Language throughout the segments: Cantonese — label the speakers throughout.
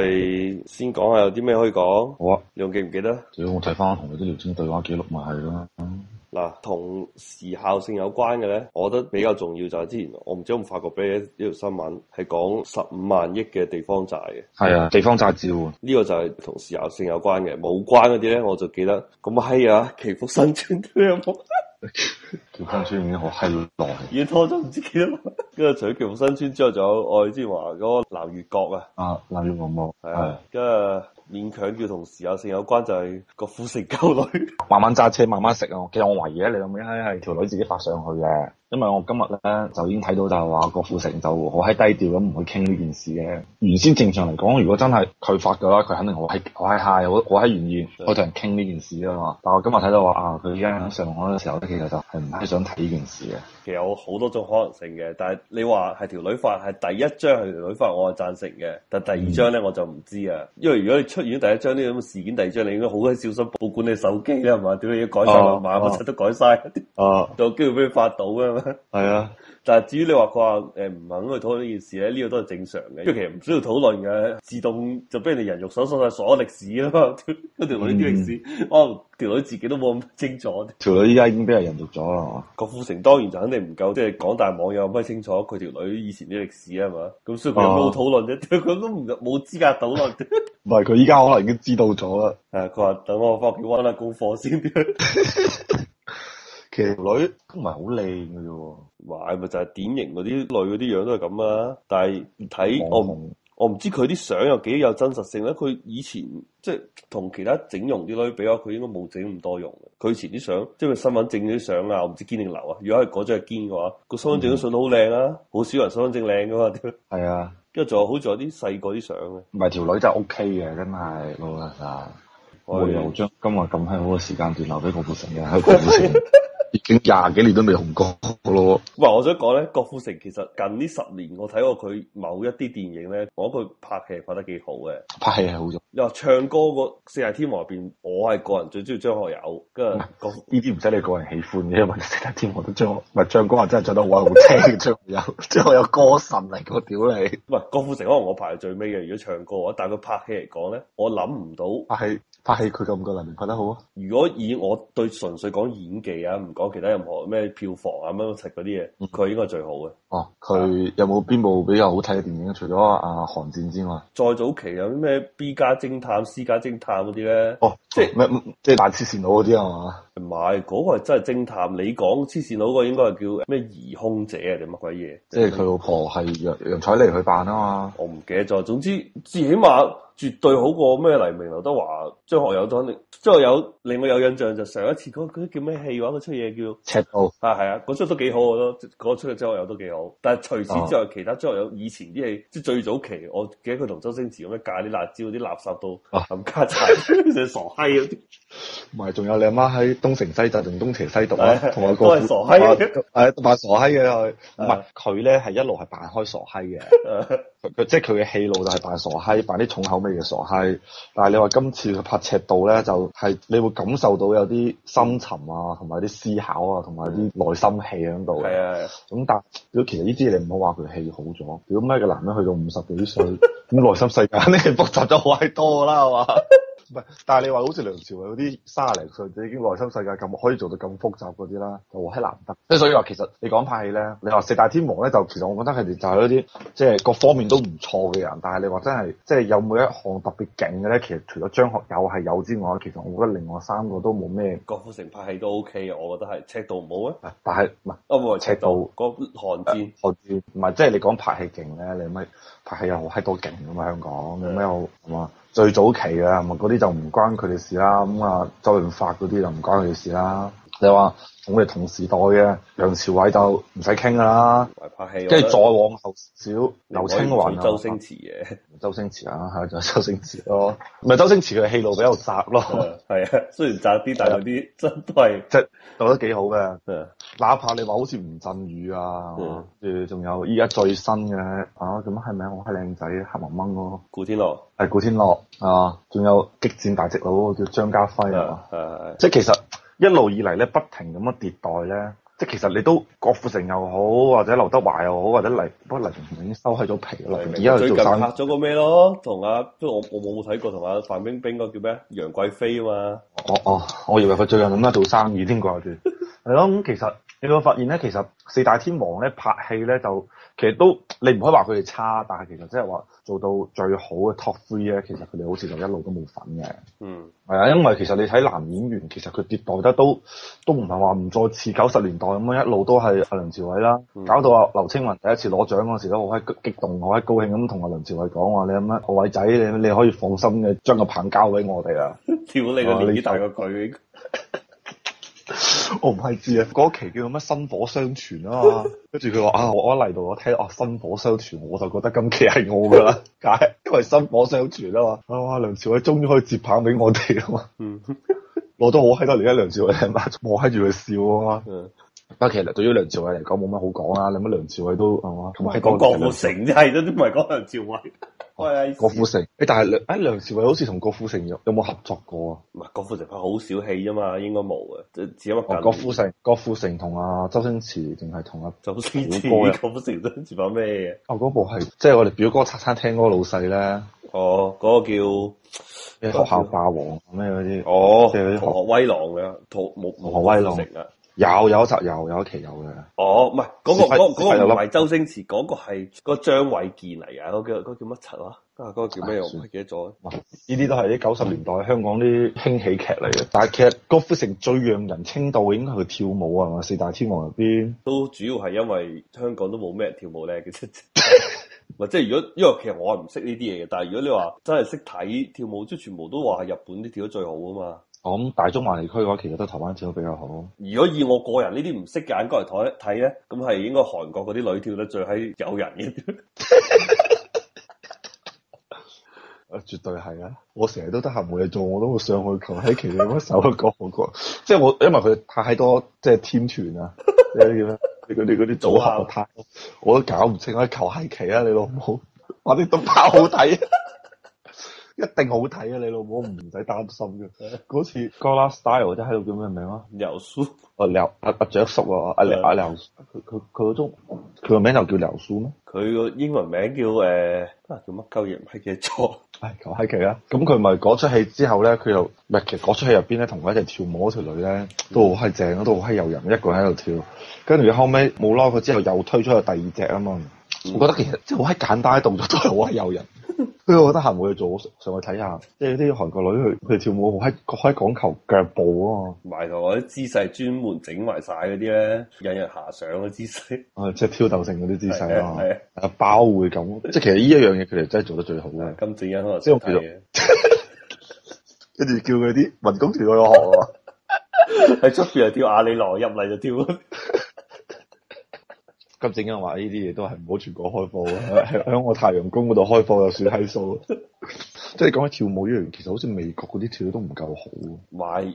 Speaker 1: 係先講下有啲咩可以講，好啊，你仲記唔記得？
Speaker 2: 只要我睇翻同你啲聊天對話記錄咪係咯。
Speaker 1: 嗱，同時效性有關嘅咧，我覺得比較重要就係之前我唔知有冇發覺俾呢條新聞係講十五萬億嘅地方債嘅，係啊，地方債照呢個就係同時效性有關嘅，冇關嗰啲咧我就記得咁閪啊，祈福新村呢？ 僑新村已經好閪耐，已經 拖咗唔知幾多耐。跟住除咗僑新村之外，仲有愛之華嗰個南越國啊。啊，
Speaker 2: 南越國冇係。
Speaker 1: 強要跟住勉強叫同事有性有關，就係個郭富城溝女 。
Speaker 2: 慢慢揸車，慢慢食啊！其
Speaker 1: 實我懷疑咧、啊，你諗一係條女自己發上去嘅。
Speaker 2: 因為我今日咧就已經睇到就係話郭富城就好閪低調咁唔去傾呢件事嘅。原先正常嚟講，如果真係佢發嘅話，佢肯定好喺我喺下，我我喺願意我同人傾呢件事啊嘛。但我今日睇到話啊，佢而家喺上海嘅時候咧，其實就係唔係想睇呢件事嘅。
Speaker 1: 其實有好多種可能性嘅，但係你話係條女發係第一張係條女發，我係贊成嘅。但第二張咧我就唔知啊，因為如果你出現第一張呢咁嘅事件，第二張你應該好鬼小心保管你手機啦，係嘛？點解要改曬密碼，乜柒、啊啊、都改晒。哦、啊，有 機會俾佢發到嘛？係啊。但係至於你話佢話誒唔肯去討論呢件事咧，呢個都係正常嘅，因為其實唔需要討論嘅，自動就俾人哋人肉搜索曬所有歷史啦嘛。條女啲歷史，哦，條女自己都冇咁清楚。
Speaker 2: 條女依家已經俾人人肉咗啦。
Speaker 1: 郭富城當然就肯定唔夠，即係廣大網友唔係清楚佢條女以前啲歷史啊嘛。咁所以佢冇討論啫，佢都唔冇資格討論。唔係佢依家可能已經知道咗啦。誒，佢話等我翻屋企温下功課先。條女都唔係好靚噶啫，哇！咪就係、是、典型嗰啲女嗰啲樣都係咁啊。但係睇我唔我唔知佢啲相有幾有真實性咧。佢以前即係同其他整容啲女，比較佢應該冇整咁多容。佢以前啲相，即係身份證啲相啊，我唔知堅定留啊。如果係嗰張係堅嘅話，個身份證都信得好靚啊。好、嗯、少人身份證靚噶嘛。係啊，跟住仲有好似有啲細個啲相嘅。
Speaker 2: 唔係條女就 OK 嘅，真係老實。啊、
Speaker 1: 我哋又
Speaker 2: 將今日咁好嘅時間段留俾郭富城嘅喺 已經廿幾年都未紅過咯。唔
Speaker 1: 係，我想講咧，郭富城其實近呢十年，我睇過佢某一啲電影咧，我覺得佢拍戲拍得幾好嘅。拍戲係好咗。又話唱歌個四大天王入邊，我係個人最中意張學友。跟住，
Speaker 2: 呢啲唔使你個人喜歡嘅，因為四大天王都張學，唔係唱歌又真係唱得好好聽，張 學友，張學友歌神嚟
Speaker 1: 個屌你。唔係，郭富城可能我排係最尾嘅，如果唱歌，但係佢拍戲嚟講咧，我諗唔到。拍戲，拍戲佢咁嘅能力拍得好啊？如果以我對純粹講演技啊，講其他任何咩票房啊乜柒嗰啲嘢，佢應該係最好嘅。哦、啊，
Speaker 2: 佢有冇邊部比較好睇嘅電影？除咗阿寒戰之外，
Speaker 1: 再早期有啲咩 B 家偵探、C 家偵探嗰啲咧？哦，即係咩？
Speaker 2: 即係扮痴線佬嗰啲係嘛？唔
Speaker 1: 係，嗰、那個係真係偵探。你講痴線佬嗰個應該係叫咩疑凶者定乜鬼嘢？即係佢老婆係
Speaker 2: 楊楊采妮去扮啊
Speaker 1: 嘛？我唔記得咗。總之，至起碼。絕對好過咩黎明、劉德華、張學友，都肯定。張學友令我有，有印象就上一次嗰啲，那個那個，叫咩戲話嗰出嘢，叫赤道啊，係啊，嗰，那個，出都幾好，我咯，嗰，那個，出嘅張學友都幾好。但係除此之外，啊、其他張學友以前啲戲即係最早期，我記得佢同周星馳咁樣加啲辣椒，啲垃圾到冚家鏟，啊、 傻閪
Speaker 2: 啲。唔係，啊，仲 有你阿媽喺東成西就定東邪西毒啊？同我講係扮傻閪嘅，唔係佢咧係一路係扮開傻閪嘅。佢即係佢嘅戲路就係扮傻閪，扮啲重口味嘅傻閪。但係你話今次佢拍赤道咧，就係、是、你會感受到有啲深沉啊，同埋啲思考啊，同埋啲內心戲喺度係啊，咁的但係如果其實呢啲嘢你唔好話佢戲好咗。如果咩個男人去到五十幾歲，咁內 心世界肯定係複雜咗好多啦，係嘛？唔但係你話好似梁朝偉嗰啲卅零歲已經內心世界咁，可以做到咁複雜嗰啲啦，就係難得。即係所以話其實你講拍戲咧，你話四大天王咧，就其實我覺得佢哋就係嗰啲即係各方面都唔錯嘅人。但係你話真係即係有冇一項特別勁嘅咧，其實除咗張學友係有之外，其實我覺得另外三個都冇咩。
Speaker 1: 郭富城拍戲都 OK 嘅，我覺得係赤道唔好啊。但係唔係，唔會
Speaker 2: 赤道嗰寒戰，寒戰唔係即係你講拍戲勁咧，你咪拍戲又好閪多勁咁嘛？香港、嗯、有咩好係嘛？最早期嘅，咁啊嗰啲就唔關佢哋事啦，咁啊周潤發嗰啲就唔關佢哋事啦。你話我哋同時代嘅梁朝偉就唔使傾㗎啦，拍戲即係再往後少劉青雲、啊、周星馳嘅、這個、周星馳啊，係就、 啊、周星馳哦、喔，唔係周星馳佢戲路比較窄咯，係啊，雖然窄啲，但係有啲真都係即係，做得幾好嘅，哪怕你話好似吳鎮宇啊，仲、嗯、有依家最新嘅啊，咁係咪我係靚仔黑蒙蒙咯？古天樂係古天樂啊，仲有激戰大隻佬叫張家輝啊，即係其實。一路以嚟咧，不停咁樣迭代咧，即係其實你都郭富城又好，或者劉德華又好，或者黎，不過黎明已經收起咗皮啦。而家白做生意。最近拍
Speaker 1: 咗個咩咯？同阿即係我我冇睇過同阿范冰冰嗰個叫咩？楊貴妃啊嘛。
Speaker 2: 哦哦，我以為佢最近咁樣做生意先掛住。
Speaker 1: 係咯， 咁其實。你會發現咧，其實
Speaker 2: 四大天王咧拍戲咧，就其實都你唔可以話佢哋差，但係其實即係話做到最好嘅 top three 咧，其實佢哋好似就一路都冇份嘅。嗯，係啊，因為其實你睇男演員，其實佢迭代得都都唔係話唔再似九十年代咁樣一路都係阿梁朝偉啦，嗯、搞到啊，劉青雲第一次攞獎嗰陣時都好激動，好閪高興咁同阿梁朝偉講話：你咁樣何偉仔，你你可以放心嘅將個棒交俾我哋啊。
Speaker 1: 跳」屌你個年
Speaker 2: 大過佢。我唔係知啊，嗰期叫乜薪火相傳啊嘛，跟住佢話啊，我一嚟到我聽啊薪火相傳，我就覺得今期係我噶啦，解因為薪火相傳啊嘛，啊梁朝偉終於可以接棒俾我哋啊嘛，嗯、我都好喺多嚟，阿梁朝偉係嘛我喺住佢笑啊嘛，不過、嗯、其實對於梁朝偉嚟講冇乜好講啊，你諗乜梁朝偉都啊嘛，同埋講郭富城真係都唔係
Speaker 1: 講梁朝偉。喂郭富城，
Speaker 2: 誒、哎，但係阿梁朝偉、哎、好似同郭富城有有冇合作過
Speaker 1: 啊？唔係郭富城佢好少戲啫嘛，應該冇嘅。只乜梗？郭富城，郭富城同阿、啊、周星馳定係同一組歌啊？哥哥郭富城周星都拍咩嘢？啊就是、哦，嗰部係
Speaker 2: 即係我哋表哥茶餐廳嗰個老
Speaker 1: 細咧。哦，嗰個叫學校霸王咩嗰啲？哦，即係嗰啲學威狼嘅、啊，土木學威狼、啊。有有一集有
Speaker 2: 有一期有嘅。
Speaker 1: 哦，唔係嗰個嗰塊、那個唔係周星馳，嗰、那個係個張衛健嚟嘅。嗰、那個那個、叫叫乜柒啊？啊，嗰個叫咩？哎、我唔記得咗。唔
Speaker 2: 呢啲都係啲九十年代香港啲輕喜劇嚟嘅。但係其實郭富城最讓人稱道應該係佢跳舞啊嘛，四大天王入邊
Speaker 1: 都主要係因為香港都冇咩人跳舞咧。其實唔係， 即係如果因為其實我係唔識呢啲嘢嘅。但係如果你話真係識睇跳舞，即係全部都話係日本啲跳得最好啊嘛。我
Speaker 2: 諗大中華地區嘅話，其實都台灣跳得比較好。
Speaker 1: 如果以我個人呢啲唔識嘅眼光嚟睇咧，咁係應該韓國嗰啲女跳得最喺誘人嘅。啲。啊，絕對係啊！
Speaker 2: 我成日都得閒冇嘢做，我都會上去求喺其他手一個韓國，即係我因為佢太多即係天團你 你啊，嗰啲咩，佢哋嗰啲組合太，我都搞唔清啊！求喺奇啊，你老母，我 啲都爆好睇。 一定好睇啊！你老母唔使擔心嘅。嗰 次《
Speaker 1: Gala Style》或者喺度叫咩名啊？劉叔，阿劉阿阿蔣叔啊？阿劉阿劉，
Speaker 2: 佢佢佢個名就叫劉叔咩？
Speaker 1: 佢個英文名叫誒、呃啊，叫乜
Speaker 2: 鳩嘢唔係嘅錯。誒求閪其啦，咁佢咪嗰出戲之後咧，佢又咪其嘅嗰出戲入邊咧，同佢一齊跳舞嗰條女咧，都好閪正，都好閪有人，一個喺度跳，跟住後尾冇嬲，佢之後又，又推出第二隻啊嘛。我覺得其實即係好閪簡單嘅動作都係好閪誘 又人，所 以我覺得閑會去做上去睇下，即係啲韓國女去去跳舞好閪開講求腳步啊嘛，
Speaker 1: 埋頭嗰啲姿勢專門整埋晒嗰啲咧引人遐想嘅姿勢，
Speaker 2: 啊，即係挑逗性嗰啲姿勢咯，啊，啊 包會咁，即係其實呢一樣嘢佢哋真係做得
Speaker 1: 最好嘅。 金正恩點解可能即係我睇跟住叫佢啲民工團去學啊，喺出邊又跳阿里郎入嚟就跳。
Speaker 2: 金正恩話呢啲嘢都係唔好全國開放，喺 我太陽宮嗰度開放又算係數。 即係講起跳舞呢樣，其實好似美國嗰啲跳得都唔夠好。
Speaker 1: 唔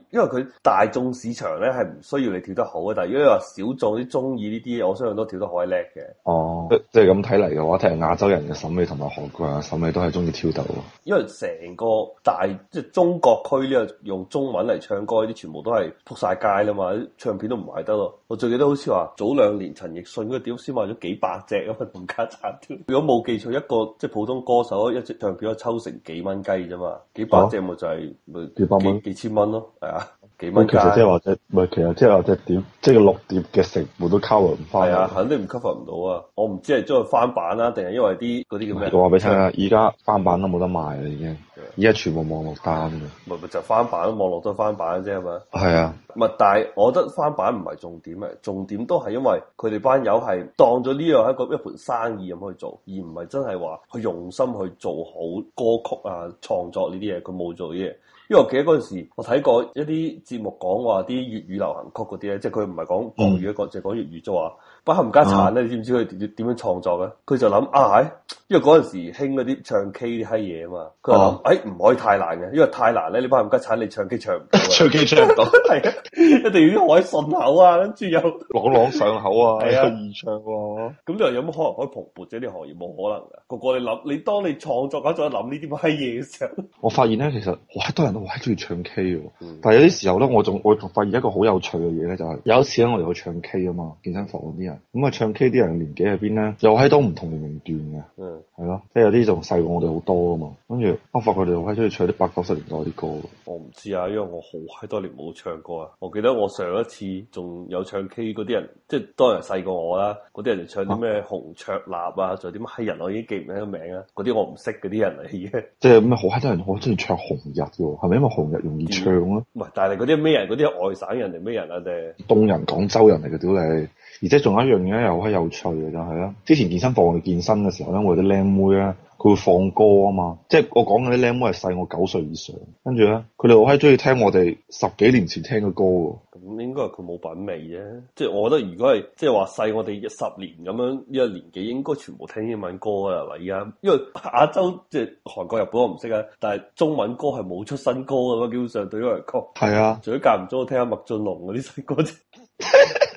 Speaker 1: 因為佢大眾市場咧係唔需要你跳得好嘅。但係如果你話小眾啲中意呢啲嘢，我相信都跳得好鬼叻嘅。
Speaker 2: 哦，即係咁睇嚟嘅話，睇嚟亞洲人嘅審美同埋韓國人嘅審美都係中意跳鬥。
Speaker 1: 因為成個大即係中國區呢個用中文嚟唱歌呢啲，全部都係撲晒街啦嘛，唱片都唔賣得咯。我最記得好似話早兩年陳奕迅嗰個碟先賣咗幾百隻咁嘅冚家鏟添。如果冇記錯，一個即係普通歌手一隻唱片都成幾蚊雞啫嘛，幾百隻咪就係幾、啊、幾百蚊、幾千蚊咯，係啊，幾蚊其實即係話即係，
Speaker 2: 唔係其實即係話即係點？即係六碟嘅食冇都 cover 唔到，係啊，肯
Speaker 1: 定唔 cover 唔到啊！我唔知係將佢翻版啦、啊，定係因為啲嗰啲叫咩？我話俾你聽啊，
Speaker 2: 而家翻版都冇得賣啦、啊，已經。而家全部網絡單嘅，
Speaker 1: 咪咪就翻版，網絡都翻版啫係嘛，係是啊，咪。但係我覺得翻版唔係重點啊，重點都係因為佢哋班友係當咗呢樣係一個一盤生意咁去做，而唔係真係話去用心去做好歌曲啊創作呢啲嘢，佢冇做啲嘢。因為我記得嗰陣時我睇過一啲節目講話啲粵語流行曲嗰啲咧，即係佢唔係講國語一個，淨係講粵語啫話。班冚家鏟咧，嗯、你知唔知佢點點樣創作嘅？佢就諗、嗯、啊，因為嗰陣時興嗰啲唱 K 啲閪嘢啊嘛。佢話：嗯、哎，唔可以太難嘅，因為太難咧，你班冚家鏟你唱 K 唱唔到， 唱 K 唱唔到，係啊， 一定要啲可以順口啊，跟住又朗朗 上口啊，易、啊、 唱喎、啊。咁又 有冇可能可以蓬勃啫？啲行業冇可能嘅。個個你諗，你當你創作家仲諗呢啲乜閪嘢嘅時候 ，
Speaker 2: 我發現咧，其實好多人都好中意唱 K 嘅。但係有啲時候咧，我仲我仲發現一個好有趣嘅嘢咧，就係、是、有一次咧，我哋去唱 K 啊嘛，健身房啲人。咁啊，唱 K 啲人嘅年紀喺邊咧？又喺、嗯、多唔同年齡段
Speaker 1: 嘅，嗯，
Speaker 2: 係咯，即係有啲仲細過我哋好多啊嘛。跟住我發覺佢哋好閪中意唱啲八九十年代啲歌。
Speaker 1: 我唔知啊，因為我好閪多年冇唱過啊。我記得我上一次仲有唱 K 嗰啲人，人，即係多人細過我啦、啊，嗰啲人就唱啲咩、啊、紅卓立啊，仲有啲咩閪人，我已經記唔起個名啊。嗰啲我唔識嗰啲人嚟嘅。
Speaker 2: 即係咁啊，好 閪多人好中意唱紅日嘅、啊、喎，係咪因為紅日容易唱啊？唔
Speaker 1: 係、嗯，但係嗰啲咩人？嗰啲外省人定咩人啊？定
Speaker 2: 東人、廣州人嚟嘅屌你！而且仲有一樣嘢又好有趣嘅就係咧，之前健身房去健身嘅時候咧，我啲僆妹咧佢會放歌啊嘛，即係我講嗰啲僆妹係細我九歲以上，跟住咧佢哋好閪中意聽我哋十幾年前聽嘅歌喎。
Speaker 1: 咁應該係佢冇品味啫，即係我覺得如果係即係話細我哋十年咁樣呢個年紀，應該全部聽英文歌噶啦，係咪依家？因為亞洲即係韓國、日本我唔識啊，但係中文歌係冇出新歌噶嘛，基本上對於嚟講係啊，除咗間唔中我聽下麥浚龍嗰啲新歌啫。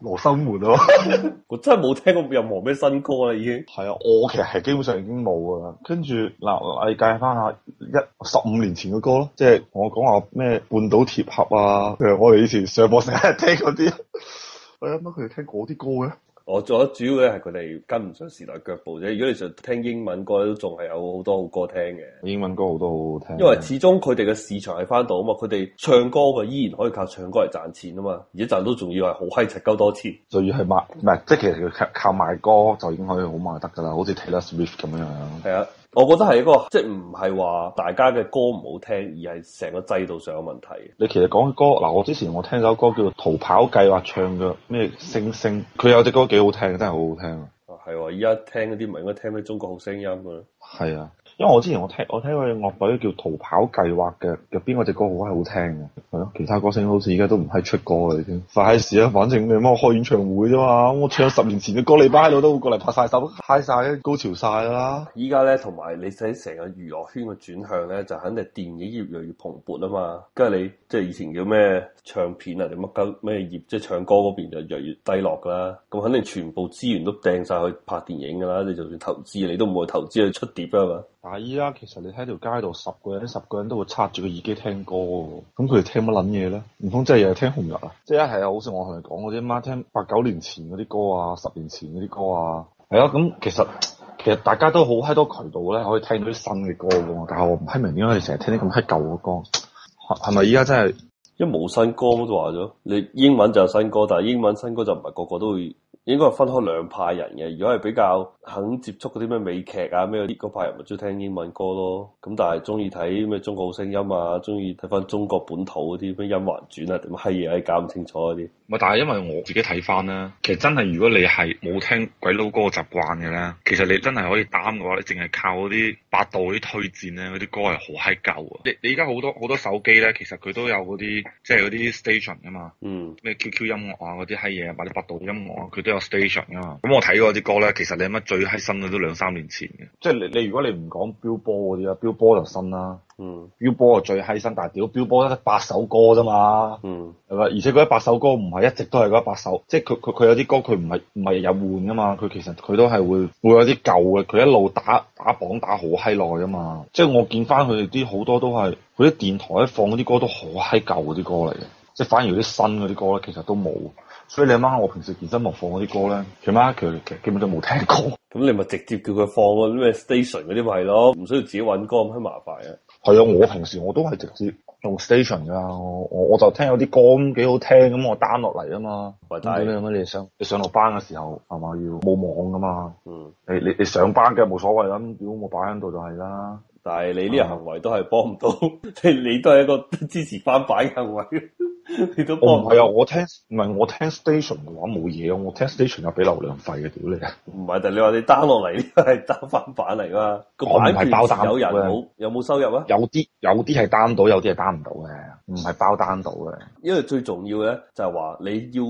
Speaker 1: 羅生門咯、啊 我真係冇聽過任何咩新歌啦，已經係啊，我其實係基本上已經
Speaker 2: 冇啦。跟住嗱，我、啊、哋介翻下一十五年前嘅歌咯，即、就、係、是、我講話咩半島鐵盒啊，譬如我哋以前上播成日聽嗰啲，
Speaker 1: 我諗佢哋聽嗰啲歌嘅。我覺得主要咧係佢哋跟唔上時代腳步啫。如果你就聽英文歌都仲係有好多好歌聽嘅，英文歌好多好好聽。因為始終佢哋嘅市場係翻到啊嘛，佢哋唱歌佢依然可以靠唱歌嚟賺錢啊嘛，而且賺到仲要係好閪柒鳩多錢。仲要係賣唔係即係其實佢靠靠賣歌就已經可以好賣得㗎啦，好似 Taylor Swift 咁樣樣。係啊。我覺得係一個即係唔係話大家嘅歌唔好聽，而係成個制度上有問題。
Speaker 2: 你其實講嘅歌嗱，我之前我聽首歌叫做《逃跑計劃》唱，話唱嘅咩星星，
Speaker 1: 佢有隻歌幾好聽，真係好好聽。啊，係喎！依家聽嗰啲唔係應該聽咩《中國好聲音》噶？
Speaker 2: 係啊。因為我之前我聽我聽佢樂隊叫《逃跑計劃》嘅入邊嗰隻歌好閪好聽嘅，係咯。其他歌星好似而家都唔係出歌嘅已經。費事啊，反正你幫我開演唱
Speaker 1: 會啫嘛，我唱十年前嘅歌，你擺喺度都會過嚟拍晒手，嗨晒高潮曬啦。依家咧同埋你睇成個娛樂圈嘅轉向咧，就肯定電影業越嚟越越蓬勃啊嘛。跟住你即係以前叫咩唱片啊，你乜鳩咩業即係唱歌嗰邊就越嚟越低落㗎啦。咁肯定全部資源都掟晒去拍電影㗎啦。你就算投資，你都唔會投資去出碟啊嘛。依家其實你喺條街度十個人十個人都會插住個耳機聽歌
Speaker 2: 喎，咁佢哋聽乜撚嘢咧？唔通真係又係聽紅日啊？即係係啊，好似我同你講嗰啲媽聽八九年前嗰啲歌啊，十年前嗰啲歌啊，係啊。咁其實其實大家都好喺多
Speaker 1: 渠道咧，可以聽到啲新嘅歌噶嘛。但係我唔明點解你成日聽啲咁閪舊嘅歌，係咪依家真係？一冇新歌都話咗，你英文就有新歌，但係英文新歌就唔係個個都會，應該係分開兩派人嘅。如果係比較肯接觸嗰啲咩美劇啊咩啲嗰派人，咪中意聽英文歌咯。咁但係中意睇咩中國好聲音啊，中意睇返中國本土嗰啲咩甄嬛傳啊，點係嘢，啊、你搞唔清楚嗰啲。唔係，但係因為我自己睇翻咧，
Speaker 2: 其實真係如果你係冇聽鬼佬歌嘅習慣嘅咧，其實你真係可以擔嘅話，你淨係靠嗰啲百度啲推薦咧，嗰啲歌係好閪舊啊。你你依家好多好多手機咧，其實佢都有嗰啲即係嗰啲 station 啊嘛，嗯，咩 QQ 音樂啊嗰啲閪嘢，或者百度啲音樂，啊，佢都有 station 噶嘛。咁我睇嗰啲歌咧，其實你乜最閪新嘅都兩三年前嘅。即係你你如果你唔講標波嗰啲啦，標波就新啦。嗯，飆波就最嗨新，但係屌飆波得八首歌啫嘛，係咪、嗯？而且嗰一百首歌唔係一直都係嗰一百首，即係佢佢佢有啲歌佢唔係唔係有換噶嘛？佢其實佢都係會會有啲舊嘅，佢一路打打榜打好嗨耐噶嘛。即係我見翻佢哋啲好多都係，佢啲電台一放嗰啲歌都好嗨舊嗰啲歌嚟嘅，即係反而啲新嗰啲歌咧其實都冇。所以你阿媽，媽我平時健身房放嗰啲歌咧，佢媽佢佢基本都冇聽過。
Speaker 1: 咁你咪直接叫佢放嗰啲咩 station 嗰啲咪係咯，唔需要自己搵歌咁閪麻煩嘅。
Speaker 2: 係啊，我平時我都係直接用 station 噶，我我我就聽有啲歌咁幾好聽，咁我 down 落嚟啊嘛。或者咩有乜嘢想？你上落班嘅時候係嘛？要冇網噶嘛？嗯，你你你上班嘅冇所謂，咁如
Speaker 1: 果我擺喺度就係啦。但係你呢啲行為都係幫唔到，即係、uh, 你，你都係一個支持翻版嘅行為。 你都我唔係啊！我
Speaker 2: 聽唔係我聽 station 嘅話冇嘢，我聽 station 又俾流量費嘅屌你啊！
Speaker 1: 唔係，但係你話你 down 落嚟呢個係 down 翻版嚟噶 我唔係包單有人冇包單？有冇收入啊？有啲有啲係 down 到，有啲係 down 唔到嘅，
Speaker 2: 唔係包 down 到嘅。
Speaker 1: 因為最重要嘅就係、是、話你要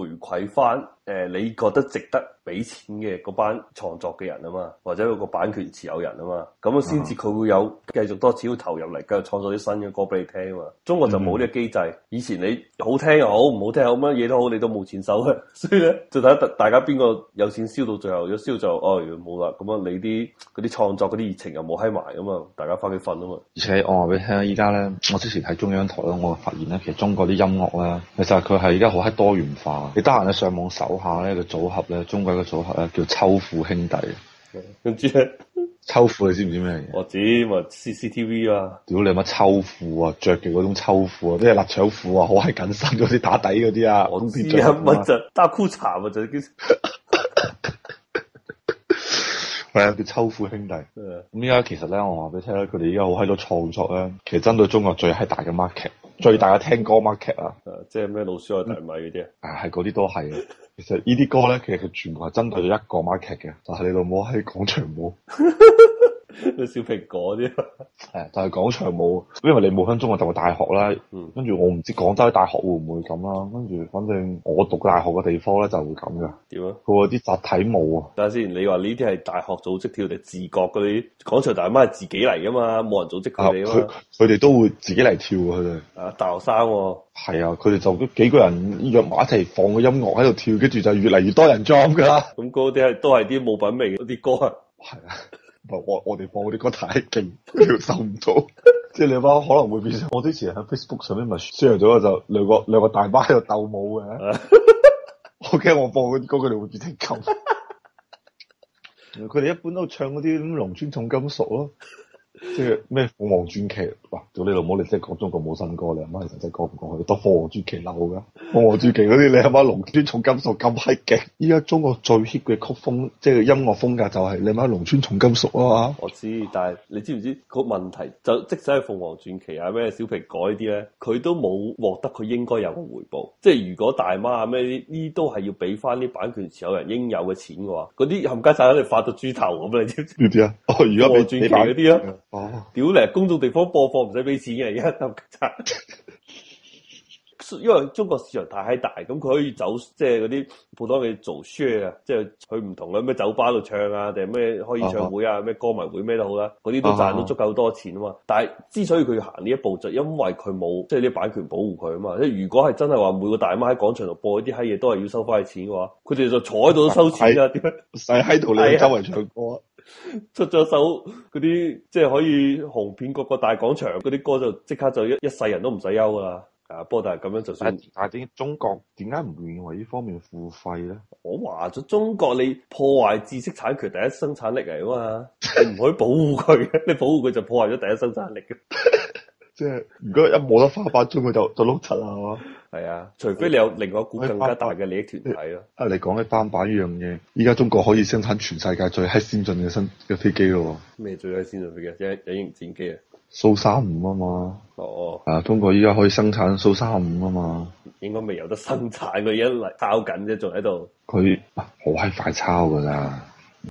Speaker 1: 回饋翻。誒，你覺得值得俾錢嘅嗰班創作嘅人啊嘛，或者個版權持有人啊嘛，咁啊先至佢會有繼續多啲要投入嚟繼續創作啲新嘅歌俾你聽啊嘛。中國就冇呢個機制，嗯、以前你好聽又好，唔好聽好，乜嘢都好，你都冇錢收，所以咧，就睇大家邊個有錢燒到最後，一燒就哦，冇、哎、啦。咁啊，樣你啲啲創作嗰啲熱情又冇閪埋啊嘛，大家翻去瞓啊嘛。
Speaker 2: 而且我話俾你聽啊，依家咧，我之前喺中央台咧，我發現咧，其實中國啲音樂咧，其實佢係而家好閪多元化。你得閒去上網搜。下呢個組合咧，中國嘅組合咧叫秋褲兄弟，跟
Speaker 1: 住咧，
Speaker 2: 秋褲你知唔知咩？我知，咪 CCTV 啊！屌果你乜秋褲啊，着嘅嗰種秋褲啊，即係臘腸褲啊，好係緊身嗰啲打底嗰啲啊，我冬乜着
Speaker 1: 大褲衩啊，就係、是、
Speaker 2: 啊， 叫秋褲兄弟。咁而家其實咧，我話俾你聽咧，佢哋而家好喺度創作咧，其實針對中國最大嘅 market，最大嘅聽歌 market 啊，即係咩老鼠啊，大米嗰啲啊，係嗰啲都係。其實呢啲歌咧，其實佢全部係針對一個 market 嘅，但係你老母喺廣場舞。
Speaker 1: 小蘋 果啲，係、哎、就係、
Speaker 2: 是、廣場舞，因為你冇響中國讀過大學啦，跟住、嗯、我唔知廣州大學會唔會咁啦，跟住反正我讀大學嘅地方咧就會咁噶。點啊樣？佢話啲集體舞
Speaker 1: 啊，等下先。你話呢啲係大學組織跳定自覺嗰啲廣場大媽係自己嚟噶嘛？冇人組織佢哋。佢哋、嗯、都會自己嚟跳啊！佢哋啊，大學生係、哦、啊，佢哋就
Speaker 2: 幾幾個人約埋一齊放個音樂喺度跳，跟住就
Speaker 1: 越嚟越多人 jump 噶啦。咁嗰啲係都係啲冇品味嗰啲歌啊。係啊。我
Speaker 2: 我哋播啲歌太勁，佢哋 受唔到。即係你阿媽可能會變成：「我之前喺 Facebook 上面咪 share 咗，就兩個兩個大媽喺度鬥舞嘅。 我驚我播嗰啲歌，佢哋會變踢球。佢哋 一般都唱嗰啲咁農村重金屬咯。 即係咩鳳凰傳奇，嗱做你老母，你真係講中國冇新歌，你阿媽其實真係講唔過去？得鳳凰傳奇流噶，鳳凰傳奇嗰啲，你阿媽農村重金屬咁閪勁，依家中國最 hit 嘅曲風，即係音樂風格就係、是、你阿媽農村重金屬啊嘛。
Speaker 1: 我知，但係你知唔知、個問題就即使係鳳凰傳奇啊咩小蘋果呢啲咧，佢都冇獲得佢應該有嘅回報。即係如果大媽啊咩呢，都係要俾翻啲版權持有人應有嘅錢嘅話，嗰啲冚家鏟都發到豬頭咁，你知唔知啊？哦，鳳凰傳奇嗰啲啊。哦，屌你、啊！公眾地方播放唔使俾錢嘅，而家偷級因為中國市場太大，大，咁佢可以走即係嗰啲普通嘅做 share 啊，即係去唔同嘅咩酒吧度唱啊，定係咩開演唱會啊，咩歌迷會咩都好啦，嗰啲都賺到足夠多錢啊嘛。啊啊但係之所以佢要行呢一步，就因為佢冇即係啲版權保護佢啊嘛。即係如果係真係話每個大媽喺廣場度播啲嗨嘢，都係要收翻佢錢嘅話，佢哋就坐喺度都收錢啦。點解是？使喺度你周圍唱歌、啊？出咗首嗰啲即係可以紅遍各個大廣場嗰啲歌，就即刻就一一世人都唔使憂噶啦，啊！不過但係咁樣就算，但係點解中國點解唔願意為呢方面付費咧？我話咗中國你破壞知識產權第一生產力嚟噶嘛，你唔可以保護佢， 你保護佢就破壞咗第一生產力嘅。 即係如果一冇得翻版，中佢就就碌七啦，係嘛？係啊，除非你有另外一股更加大嘅利益團體咯。啊，
Speaker 2: 你講起翻版呢樣嘢，依家中國可以生產全世界最閪先進嘅新嘅飛機咯？
Speaker 1: 咩最閪先進飛機？隱形戰機啊，
Speaker 2: 蘇三五啊嘛。哦哦。啊，中國依家可以生產蘇三五啊嘛。
Speaker 1: 應該未有得生產，佢一嚟抄緊啫，仲喺度。
Speaker 2: 佢好閪快抄噶啦。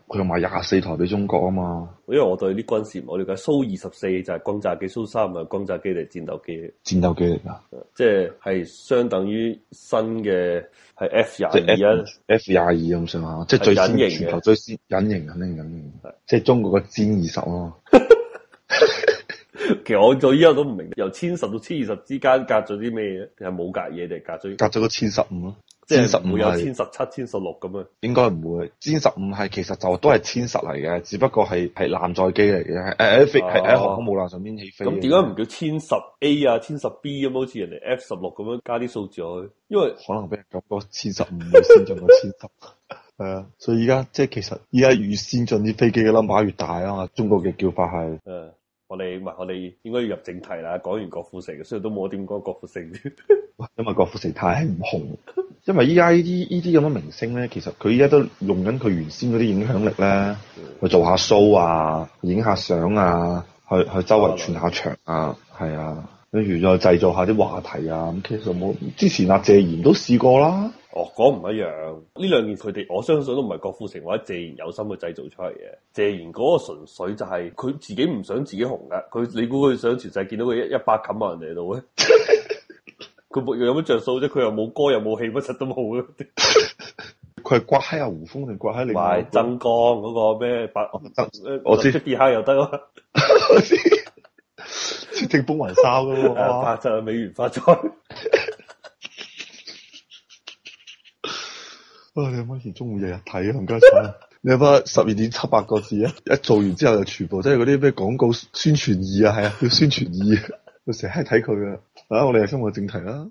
Speaker 2: 佢又賣廿四台俾中國啊嘛，
Speaker 1: 因為我對啲軍事，我了解。蘇二十四就係轟炸機，蘇三咪轟炸機定戰鬥機？戰鬥機嚟噶，即係係相等於新嘅係 F 廿二，F 廿二咁上下，即係最新形，最
Speaker 2: 先隱形，肯定隱形，隱形是即係中國嘅殲二十咯。其實
Speaker 1: 我到依家都唔明，由殲十到殲二十之間隔咗啲咩嘢？係冇隔嘢定隔咗？隔咗
Speaker 2: 個殲十五咯。殲十五係殲
Speaker 1: 十七、殲十六咁樣，
Speaker 2: 應該唔會。殲十五係其實就是嗯、都係殲十嚟嘅，只不過係係艦載機嚟嘅，係、啊、F 係喺航空母
Speaker 1: 艦上邊起飛。咁點解唔叫殲十 A 啊、殲十 B 咁好似人哋 F 十六咁樣加啲數字去？因為可能俾人覺得殲十五先進過
Speaker 2: 殲十。係啊，所以依家即係其實依家越先進啲飛機嘅 number 越大啊嘛。中國嘅叫法係、
Speaker 1: uh，我哋唔係我哋應該要入正題啦。講完郭富城，所以都冇點講郭富城。 因為郭富城太唔紅，因為依家呢啲依啲咁嘅明
Speaker 2: 星咧，其實佢依家都用緊佢原先嗰啲影響力咧，嗯、去做下 show 啊，影下相啊，去去周圍串下場啊，係、嗯、啊，跟住再製造下啲話題啊。咁其實冇之前阿、啊、謝賢都試過啦。
Speaker 1: 哦，講唔一樣。呢兩件佢哋我相信都唔係郭富城或者謝賢有心去製造出嚟嘅。謝賢嗰個純粹就係佢自己唔想自己紅㗎。佢你估佢想全世界見到佢一一巴冚喺人哋度咩？ 佢冇有乜着數啫，佢又冇歌又冇戲乜柒都冇。佢
Speaker 2: 係刮喺阿胡風
Speaker 1: 定刮喺你？埋曾光嗰、那個咩白？我知跌下又得咯。 我知設道 定風雲三噶嘛？ 啊、美元發財。
Speaker 2: 啊！你有冇以前中午日日睇啊？陳家產， 你有冇十二點七八個字啊？一做完之後就全部即係嗰啲咩廣告宣傳二啊，係啊，叫宣傳二。我成日睇佢嘅啊，我哋又生活正題啦。